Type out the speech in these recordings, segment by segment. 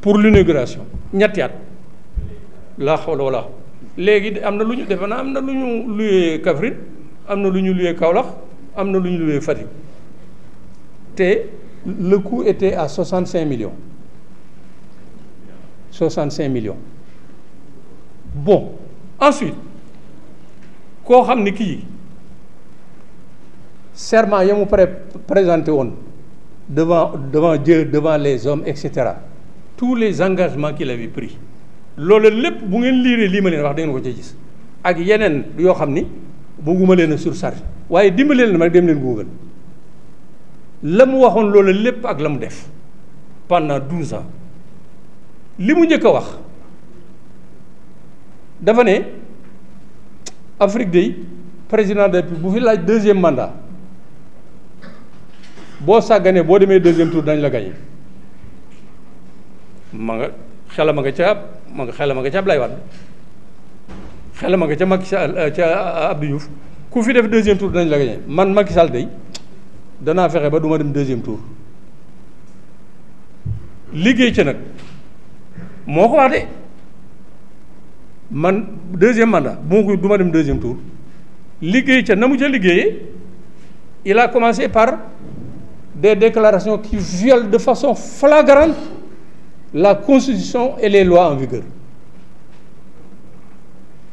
pour l'inauguration ñetti at laa xawla wala léegi am na lu ñu defe am na lu ñu luyee Kaffrine am na lu ñu luyee Kaolack am na lu ñu luyee Fatick te le coût était à soixante cinq millions soixante cinq millions bon ensuite koo xam ni kii serment ya mu pré présenté woon devant, devant Dieu, devant les hommes, etc. Tous les engagements qu'il avait prix loolu lépp bu ngeen liiree lii ma leen wax da ngeen ko ci gis ak yeneen yoo xam ni bëgguma leen a surcharge waaye dimbali leen ma rek dem leen Google la mu waxoon loolu lépp ak la mu def pendant douze ans li mu njëkk a wax dafa ne Afrique day président de bu fi laaj deuxième mandat boo sàgganee boo demee deuxième tour dañ la gañe ma nga xelam a nga ca ma nga xelam a nga ca Ablaye Wade xelam nga ca Macky Sall euh, ca euh, Abdou Diouf ku fi def deuxième tour dañ la gañe man Macky Sall danaa fexe ba duma dem deuxième tour liggéey ca nag moo ko wax de man deuxième mandat bu ma ko du dem deuxième tour liggéey ca na mu ca liggéeyee il a commencé par des déclaration qui violent de façon flagrante la Constitution et les lois en vigueur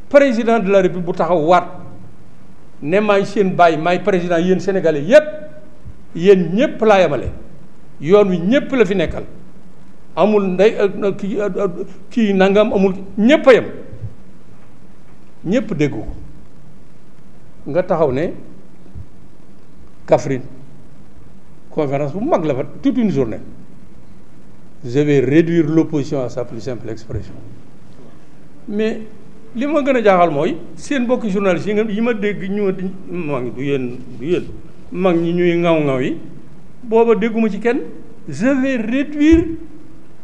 président de la République bu taxaw waat ne may seen bàyyi may président yéen sénégalais yépp yéen ñépp la yemale yoon wi ñépp la fi nekkal amul ndey euh, euh, euh, kii nangam amul ñépp a yem ñépp déggu ko nga taxaw ne Kaffrine conférence bu mag la fa toute une journée je vais réduire l'opposition à sa plus simple expression mais li ma gën a jaaxal mooy seen mbokki journaliste yi nga yi ma dégg ñu mag du yéen du yéen mag ñi ñuy ŋaw-ŋaw yi booba dégguma ci kenn je vais réduire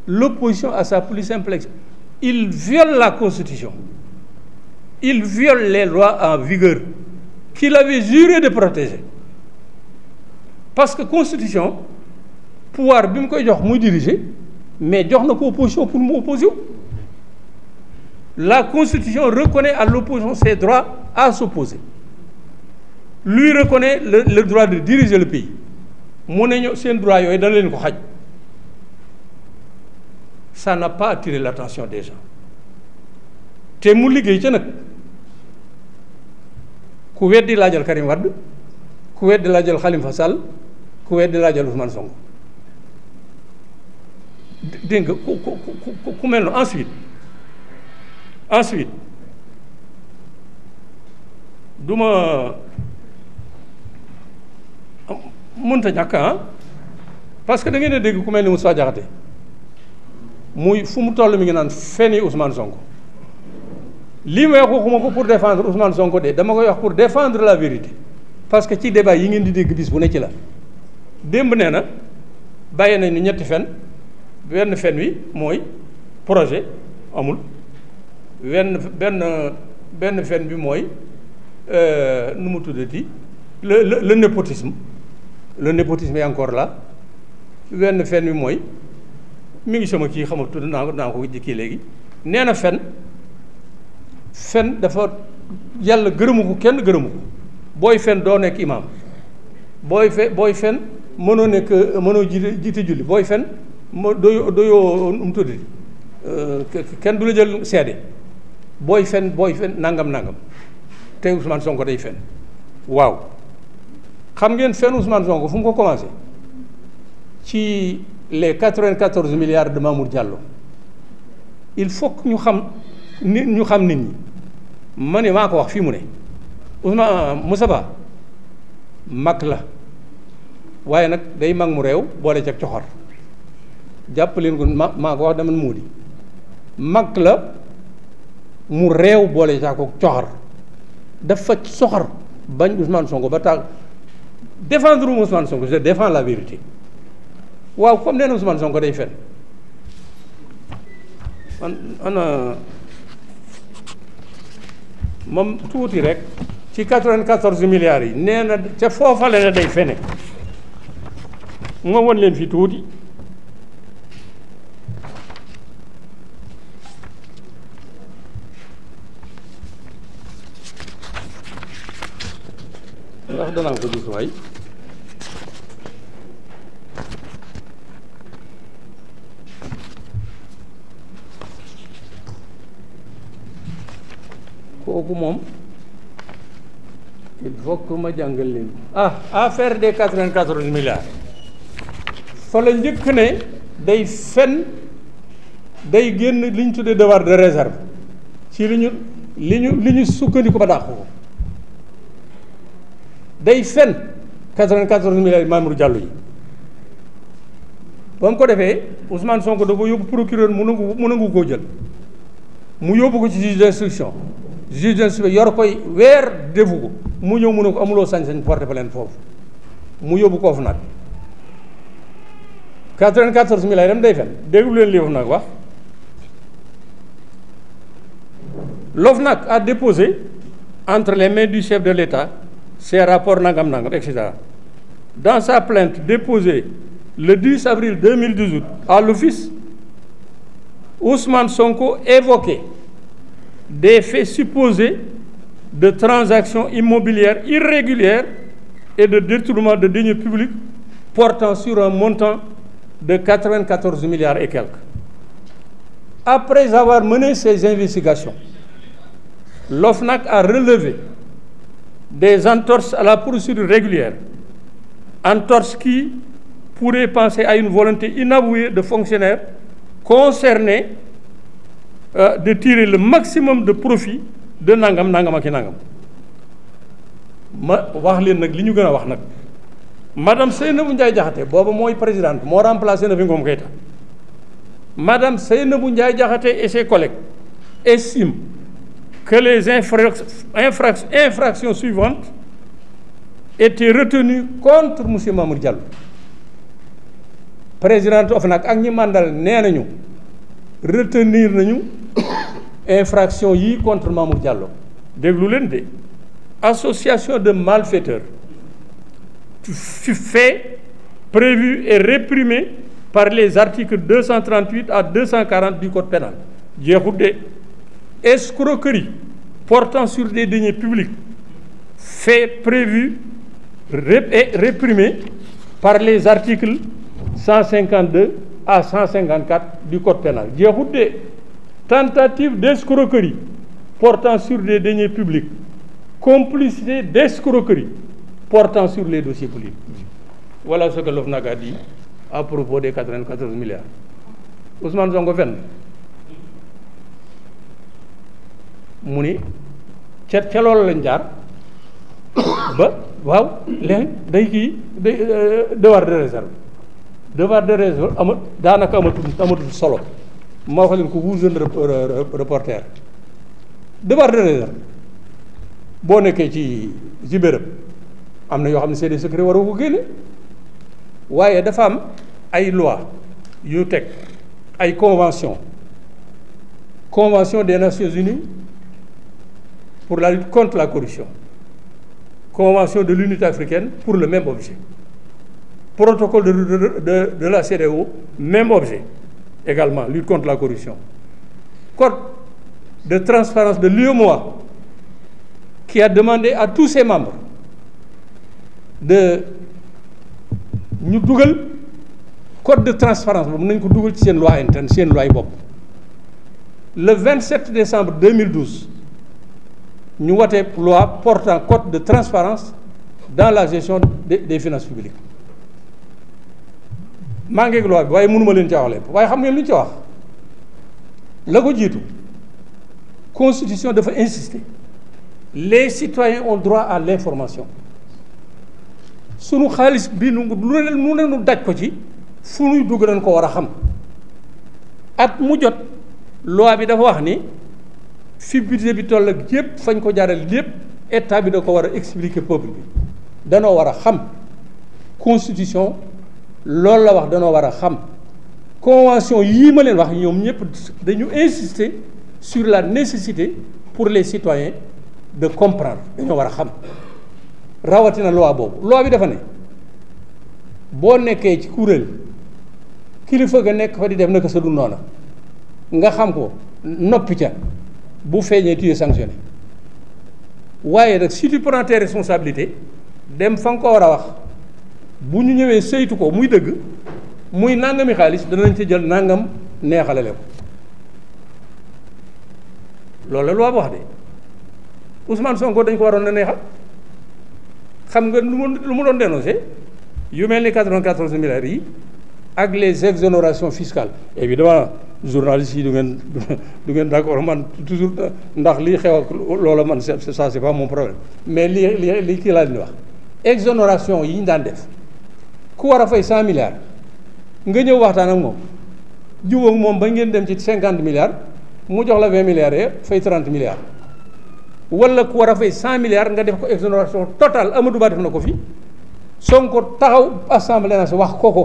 l'opposition à sa plus simple expression il viole la constitution il viole les lois en vigueur qu'il avait juré de protéger parce que constitution pouvoir bi mu koy jox muy diriger mais jox na ko opposition pour mu opposer wu la constitution reconnaît à l'opposition ses droits à s'opposer lui reconnaît le, le droit de diriger le pays mu ne ñoo seen droit yooyu dana leen ko xaj ça n'a pas attiré l'attention des gens te mu liggéey ca nag ku weddi laajal Karim Wade ku weddi laajal Khalifa Sall ku weddi laajal Ousmane Sonko dégg nga ku ku ku mel noonu ensuite ensuite du ma mënta ñàkk ah parce que da ngeen dégg ku mel ni Moustapha Diakhaté muy fu mu toll mi ngi naan fen yi Ousmane Sonko lii may wax waxuma ko pour défendre Ousmane Sonko de dama koy wax pour défendre la vérité parce que ci débat yi ngeen di dégg bis bu ne ci la. démb nee na bàyyi nañu ñetti fen wenn fen wi mooy projet amul wenn benn benn fen bi mooy euh, nu mu tuddati le le le népotisme le népotisme est encore là wenn fen wi mooy mi ngi sama kii xam nga tudd naa ko naa ko kii léegi nee na fen fen dafa yàlla gërëmu ko kenn gërëmu ko booy fen doo nekk imaam booy fe booy fen. mënoo nekk mënoo jiite jiite julli booy fen ma doyoo doyoo nu mu tudd euh, kenn du la jël seede booy fen booy fen nangam nangam tey Ousmane Sonko day fen waaw xam ngeen fen Ousmane Sonko fu mu ko commencé ci les quatre-vingt-quatorze milliards de Mamour Diallo il faut que ñu xam nit ñu xam nit ñi ma ne maa ko wax fii mu ne Ousmane Moussa Ba mag la. waaye nag day mag mu réew boole ca coxor jàpp leen ko ma maa ko wax dama moo di mag la mu réew boole ca ko coxor dafa soxor bañ Ousmane Sonko ba tax défendre Ousmane Sonko je défends la vérité waaw comme nee na Sonko day fen an ana moom tuuti rek ci 94 milliards yi nee ca foofale na day fene ma won leen fi tuuti ndax danaa ko gis waay kooku moom il faut que ma jàngal leen ah affaire des quatre-vingt-quatorze milliards fa la njëkk ne day fen day génn li ñu tuddee devoir de réserve ci li ñu li ñu li ñu sukkandiku ba dàqu ko day fen quatre-vingt-quatorze milliards Mamour Diallo yi ba mu ko defee Ousmane Sonko da ko yóbbu procureur mu nangu mu nangu koo jël mu yóbbu ko ci juge d'instruction juge d'instruction yor koy weer defu ko mu ñëw mun ne ko amuloo sañ-sañ porte plainte foofu mu yóbbu koofu nag 94 mi lay dem day fen déglu leen li OFNAC wax l'OFNAC a déposé entre les mains du chef de l'État ses rapports nangam nangam etc dans sa plainte déposée le 10 avril 2018 à l'office Ousmane Sonko évoquait des faits supposés de transactions immobilières irrégulières et de détournement de deniers publics portant sur un montant de 94 milliards et quelques. Après avoir mené ces investigations, l'OFNAC a relevé des entorses à la poursuite régulière, entorses qui pourraient penser à une volonté inavouée de fonctionnaires concernés euh, de tirer le maximum de profit de nangam nangam ak nangam ma wax leen nag li ñu gën a wax nag. madame bu Ndiaye Diakhaté booba mooy présidente moo na remplacé Nafi Ngom Keïta madame Seynabou Ndiaye Diakhaté et ses collègues estiment que les infrac suivante infractions suivantes étaient retenues contre monsieur Mamour Diallo présidente nag ak ñi màndal nee nañu retenir nañu infraction yii contre Mamour Diallo déglu leen de association de malfaiteurs faits prévus et réprimés par les articles 238 à 240 du code pénal jeexut de escroquerie portant sur des deniers publics faits prévus et réprimés par les articles 152 à 154 du code pénal jeexut de tentative d'escroquerie portant sur des deniers publics complicité d'escroquerie portant sur les dossiers politiques. Voilà ce que l'OFNAC a dit à propos des 94 milliards. Ousmane Sonko fenn mu ni ca ca loolu lañ jaar ba waaw léegi day kii day euh, devoir de réserve devoir de réserve amat daanaka amatul amatul solo ma wax leen ko vous jeune reporter devoir de réserve boo nekkee ci ci am na yoo xam ne seede secret waroo ko génne waaye dafa am ay loi yu ay convention convention des nations unies pour la lutte contre la corruption convention de l'unité africaine pour le même objet protocole de de de, de la CEDEAO même objet également lutte contre la corruption code de transparence de l'UEMOA qui a demandé à tous ses membres de ñu dugal code de transparence mun nañ ko dugal ci seen loi interne seen loi bopp le 27 décembre 2012 ñu wote loi portant code de transparence dans la gestion de des finances publiques maa ngeeg bi waaye mënuma leen ca wax lépp waaye xam ngeen lu ñu ca wax la ko jiitu constitution dafa insister les citoyens ont droit à l'information sunu xaalis bi nu lu ne nu ne nu daj ko ci fu nuy dugg dañ ko war a xam at mu jot loi bi dafa wax ni fi bi toll ak yépp fañ ko jaaral lépp état bi da ko war a expliquer peuple bi danoo war a xam constitution loolu la wax danoo war a xam convention yii ma leen wax ñoom ñëpp dañu insister sur la nécessité pour les citoyens de comprendre dañoo war a xam rawatina loi boobu loi bi dafa ne boo nekkee ci kuréel kilifa ga nekk fa di dem naka sa dul nga xam ko noppi ca bu feeñee tu es waaye nag si responsabilité dem fa nga ko war a wax bu ñu ñëwee saytu ko muy dëgg muy nàngami xaalis danañ ci jël nàngam neexalale ko loolu la loi bu wax de Ousmane Sonko dañ ko waroon na neexal. xam nga lu mu lu mu doon dénoncé yu mel ni 94 milliards yi ak les exonérations fiscales évidemment journalistes yi du ngeen du ngeen d'accord man toujours ndax li xew ak loola man ça c'est pas mon problème mais li li li kii laa leen wax exonération yi ñu daan def ku war a fay 100 milliards nga ñëw waxtaan ak moom jubóog moom ba ngeen dem ci cinquante milliards mu jox la 20 milliards yee fay 30 milliards wala ku war a fay 100 milliards nga def ko exonération total Amadou Ba def na ko fi Sonko taxaw assemblée nationale wax ko ko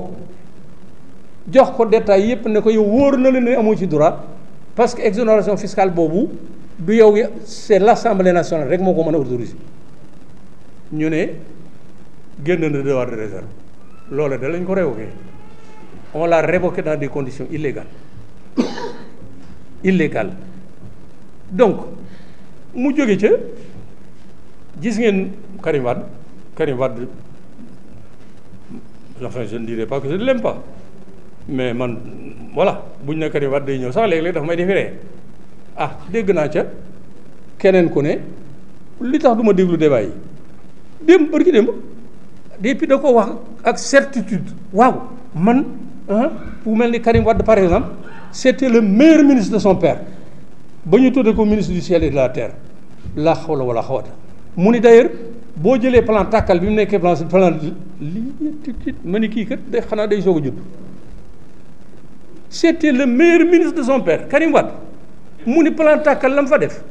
jox ko détail yépp ne ko yow wóor na la ne amoo ci droit parce que exonération fiscale boobu du yow c'est l'assemblée nationale rek moo ko mën a ñu ne génn na devoir de réserve loola da lañ ko révoqué on l'a révoqué dans des conditions illégales illégales donc mu jóge ca gis ngeen Karim Wade Karim Wade enfin je ne mais man voilà buñ ne Karim Wade day ñëw sax léeg-léeg dafa may defi ree ah dégg naa ca keneen ku ne li tax du ma déglu débat yi démb bërki démb depuis da ko wax ak certitude waaw man ah mel ni Karim Wade par exemple c'était le meilleur ministre de son père ba ñu tuddee ko ministre du ciel et de la terre laa xawla wala xawata mu ni d'ailleurs boo jëlee plan tàkkal bi mu nekkee plan plan lii tit ma ni kii kat day xanaa day soog a judd c'était le meilleur ministre de son père Karim mu ni palant tàkkal la mu fa def